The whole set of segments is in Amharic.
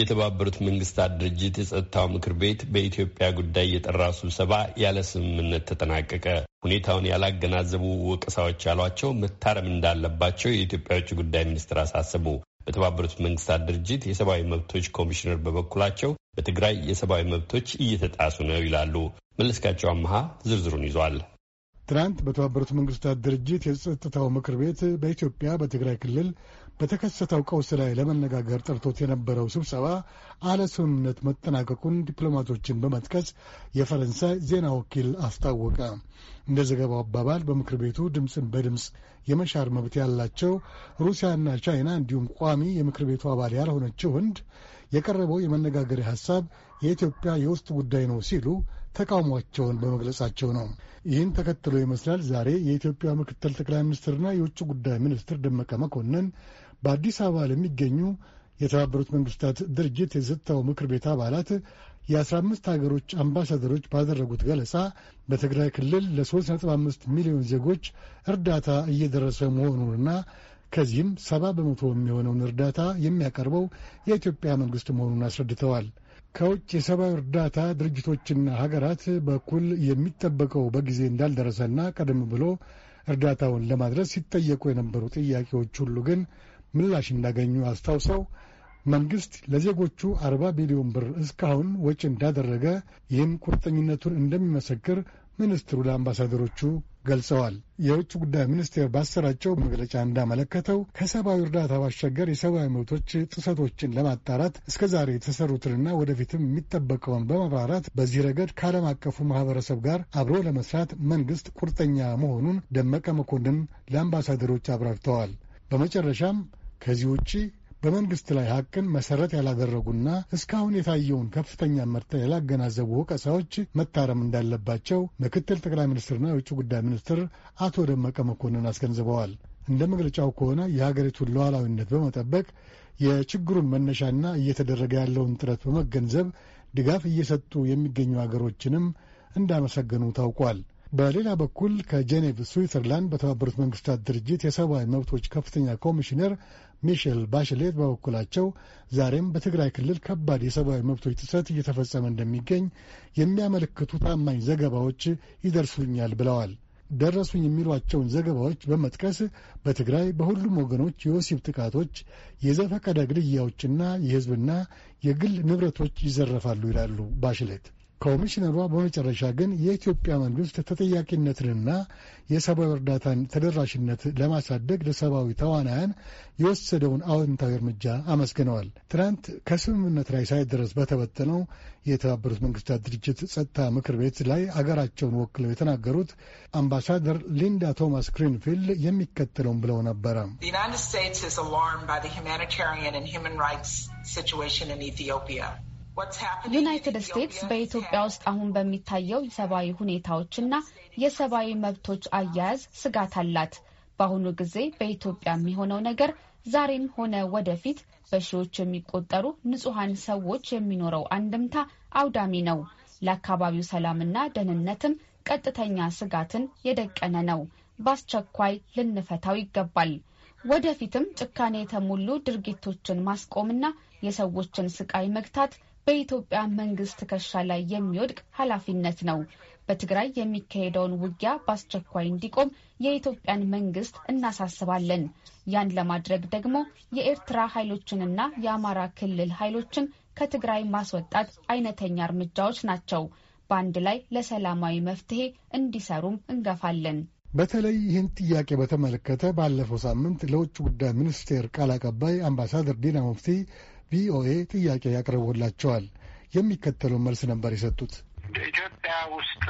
የተባበሩት መንግስታት ድርጅት የጸጥታው ምክር ቤት በኢትዮጵያ ጉዳይ የጠራ ስብሰባ ያለ ስምምነት ተጠናቀቀ። ሁኔታውን ያላገናዘቡ ወቀሳዎች ያሏቸው መታረም እንዳለባቸው የኢትዮጵያ ውጭ ጉዳይ ሚኒስትር አሳሰቡ። በተባበሩት መንግስታት ድርጅት የሰብአዊ መብቶች ኮሚሽነር በበኩላቸው በትግራይ የሰብአዊ መብቶች እየተጣሱ ነው ይላሉ። መለስካቸው አመሃ ዝርዝሩን ይዟል። ትናንት በተባበሩት መንግስታት ድርጅት የጸጥታው ምክር ቤት በኢትዮጵያ በትግራይ ክልል በተከሰተው ቀውስ ላይ ለመነጋገር ጠርቶት የነበረው ስብሰባ አለ ስምምነት መጠናቀቁን ዲፕሎማቶችን በመጥቀስ የፈረንሳይ ዜና ወኪል አስታወቀ። እንደ ዘገባው አባባል በምክር ቤቱ ድምፅን በድምፅ የመሻር መብት ያላቸው ሩሲያና ቻይና እንዲሁም ቋሚ የምክር ቤቱ አባል ያልሆነችው ህንድ የቀረበው የመነጋገሪያ ሀሳብ የኢትዮጵያ የውስጥ ጉዳይ ነው ሲሉ ተቃውሟቸውን በመግለጻቸው ነው። ይህን ተከትሎ ይመስላል ዛሬ የኢትዮጵያ ምክትል ጠቅላይ ሚኒስትርና የውጭ ጉዳይ ሚኒስትር ደመቀ መኮንን በአዲስ አበባ ለሚገኙ የተባበሩት መንግስታት ድርጅት የጸጥታው ምክር ቤት አባላት የአስራ አምስት ሀገሮች አምባሳደሮች ባደረጉት ገለጻ በትግራይ ክልል ለ35 ሚሊዮን ዜጎች እርዳታ እየደረሰ መሆኑንና ከዚህም ሰባ በመቶ የሚሆነውን እርዳታ የሚያቀርበው የኢትዮጵያ መንግስት መሆኑን አስረድተዋል። ከውጭ የሰብአዊ እርዳታ ድርጅቶችና ሀገራት በኩል የሚጠበቀው በጊዜ እንዳልደረሰና ቀደም ብሎ እርዳታውን ለማድረስ ሲጠየቁ የነበሩ ጥያቄዎች ሁሉ ግን ምላሽ እንዳገኙ አስታውሰው መንግሥት ለዜጎቹ አርባ ቢሊዮን ብር እስካሁን ወጪ እንዳደረገ ይህም ቁርጠኝነቱን እንደሚመሰክር ሚኒስትሩ ለአምባሳደሮቹ ገልጸዋል። የውጭ ጉዳይ ሚኒስቴር ባሰራጨው መግለጫ እንዳመለከተው ከሰብአዊ እርዳታ ባሻገር የሰብአዊ መብቶች ጥሰቶችን ለማጣራት እስከዛሬ የተሰሩትንና ወደፊትም የሚጠበቀውን በማብራራት በዚህ ረገድ ከዓለም አቀፉ ማህበረሰብ ጋር አብሮ ለመስራት መንግስት ቁርጠኛ መሆኑን ደመቀ መኮንን ለአምባሳደሮች አብራርተዋል። በመጨረሻም ከዚህ ውጭ በመንግስት ላይ ሀቅን መሰረት ያላደረጉና እስካሁን የታየውን ከፍተኛ መርታ ያላገናዘቡ ወቀሳዎች መታረም እንዳለባቸው ምክትል ጠቅላይ ሚኒስትርና የውጭ ጉዳይ ሚኒስትር አቶ ደመቀ መኮንን አስገንዝበዋል። እንደ መግለጫው ከሆነ የሀገሪቱን ሉዓላዊነት በመጠበቅ የችግሩን መነሻና እየተደረገ ያለውን ጥረት በመገንዘብ ድጋፍ እየሰጡ የሚገኙ ሀገሮችንም እንዳመሰገኑ ታውቋል። በሌላ በኩል ከጄኔቭ ስዊትዘርላንድ በተባበሩት መንግስታት ድርጅት የሰብአዊ መብቶች ከፍተኛ ኮሚሽነር ሚሼል ባሽሌት በበኩላቸው ዛሬም በትግራይ ክልል ከባድ የሰብአዊ መብቶች ጥሰት እየተፈጸመ እንደሚገኝ የሚያመለክቱ ታማኝ ዘገባዎች ይደርሱኛል ብለዋል። ደረሱኝ የሚሏቸውን ዘገባዎች በመጥቀስ በትግራይ በሁሉም ወገኖች የወሲብ ጥቃቶች፣ የዘፈቀደ ግድያዎችና የሕዝብና የግል ንብረቶች ይዘረፋሉ ይላሉ ባሽሌት። ኮሚሽነሯ በመጨረሻ ግን የኢትዮጵያ መንግስት ተጠያቂነትንና የሰብአዊ እርዳታን ተደራሽነት ለማሳደግ ለሰብአዊ ተዋናያን የወሰደውን አዎንታዊ እርምጃ አመስግነዋል። ትናንት ከስምምነት ላይ ሳይደረስ በተበተነው የተባበሩት መንግስታት ድርጅት ጸጥታ ምክር ቤት ላይ አገራቸውን ወክለው የተናገሩት አምባሳደር ሊንዳ ቶማስ ግሪንፊልድ የሚከተለውን ብለው ነበረ። ዩናይትድ ስቴትስ ኢዝ አላርምድ ባይ ዘ ሁማኒታሪያን ኤንድ ራይትስ ሲቹዌሽን ኢን ኢትዮጵያ ዩናይትድ ስቴትስ በኢትዮጵያ ውስጥ አሁን በሚታየው የሰብአዊ ሁኔታዎችና የሰብአዊ መብቶች አያያዝ ስጋት አላት። በአሁኑ ጊዜ በኢትዮጵያ የሚሆነው ነገር ዛሬም ሆነ ወደፊት በሺዎች የሚቆጠሩ ንጹሐን ሰዎች የሚኖረው አንድምታ አውዳሚ ነው። ለአካባቢው ሰላምና ደህንነትም ቀጥተኛ ስጋትን የደቀነ ነው። በአስቸኳይ ልንፈታው ይገባል። ወደፊትም ጭካኔ የተሞሉ ድርጊቶችን ማስቆምና የሰዎችን ስቃይ መግታት በኢትዮጵያ መንግስት ትከሻ ላይ የሚወድቅ ኃላፊነት ነው። በትግራይ የሚካሄደውን ውጊያ በአስቸኳይ እንዲቆም የኢትዮጵያን መንግስት እናሳስባለን። ያን ለማድረግ ደግሞ የኤርትራ ኃይሎችንና የአማራ ክልል ኃይሎችን ከትግራይ ማስወጣት አይነተኛ እርምጃዎች ናቸው። በአንድ ላይ ለሰላማዊ መፍትሄ እንዲሰሩም እንገፋለን። በተለይ ይህን ጥያቄ በተመለከተ ባለፈው ሳምንት ለውጭ ጉዳይ ሚኒስቴር ቃል አቀባይ አምባሳደር ዲና ሙፍቲ ቪኦኤ ጥያቄ ያቀርቦላቸዋል። የሚከተለው መልስ ነበር የሰጡት። ኢትዮጵያ ውስጥ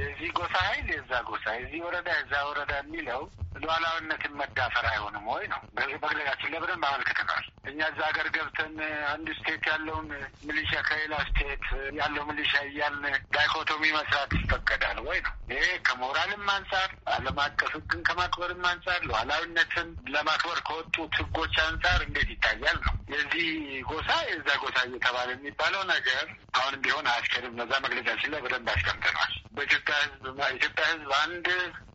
የዚህ ጎሳ ኃይል የዛ ጎሳ፣ የዚህ ወረዳ የዛ ወረዳ የሚለው ሉዓላዊነትን መዳፈር አይሆንም ወይ ነው። በግለጋችን ለብደን አመልክተናል። እኛ እዛ ሀገር ገብተን አንድ ስቴት ያለውን ሚሊሻ ከሌላ ስቴት ያለው ሚሊሻ እያልን ዳይኮቶሚ መስራት ይፈቀዳል ወይ ነው? ይሄ ከሞራልም አንጻር ዓለም አቀፍ ሕግን ከማክበርም አንጻር ሉዓላዊነትን ለማክበር ከወጡት ሕጎች አንጻር እንዴት ይታያል ነው። የዚህ ጎሳ የዛ ጎሳ እየተባለ የሚባለው ነገር አሁንም ቢሆን አያስከድም። በዛ መግለጫችን ላይ በደንብ አስቀምጠነዋል። በኢትዮጵያ ሕዝብ ኢትዮጵያ ሕዝብ አንድ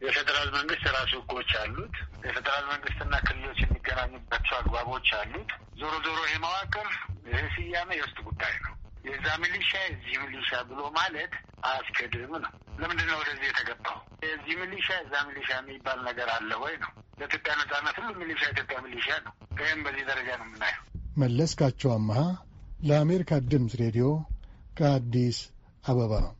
የፌዴራል መንግስት የራሱ ሕጎች አሉት። የፌዴራል መንግስትና ክልሎች የሚገናኙባቸው አግባቦች አሉት። ዞሮ ዞሮ ይህ መዋቅር ይህ ስያሜ የውስጥ ጉዳይ ነው። የዛ ሚሊሻ የዚህ ሚሊሻ ብሎ ማለት አያስኬድም ነው። ለምንድን ነው ወደዚህ የተገባው? የዚህ ሚሊሻ የዛ ሚሊሻ የሚባል ነገር አለ ወይ ነው። ለኢትዮጵያ ነጻነት ሁሉ ሚሊሻ ኢትዮጵያ ሚሊሻ ነው። ይህም በዚህ ደረጃ ነው የምናየው። መለስካቸው አመሃ ለአሜሪካ ድምፅ ሬዲዮ ከአዲስ አበባ ነው።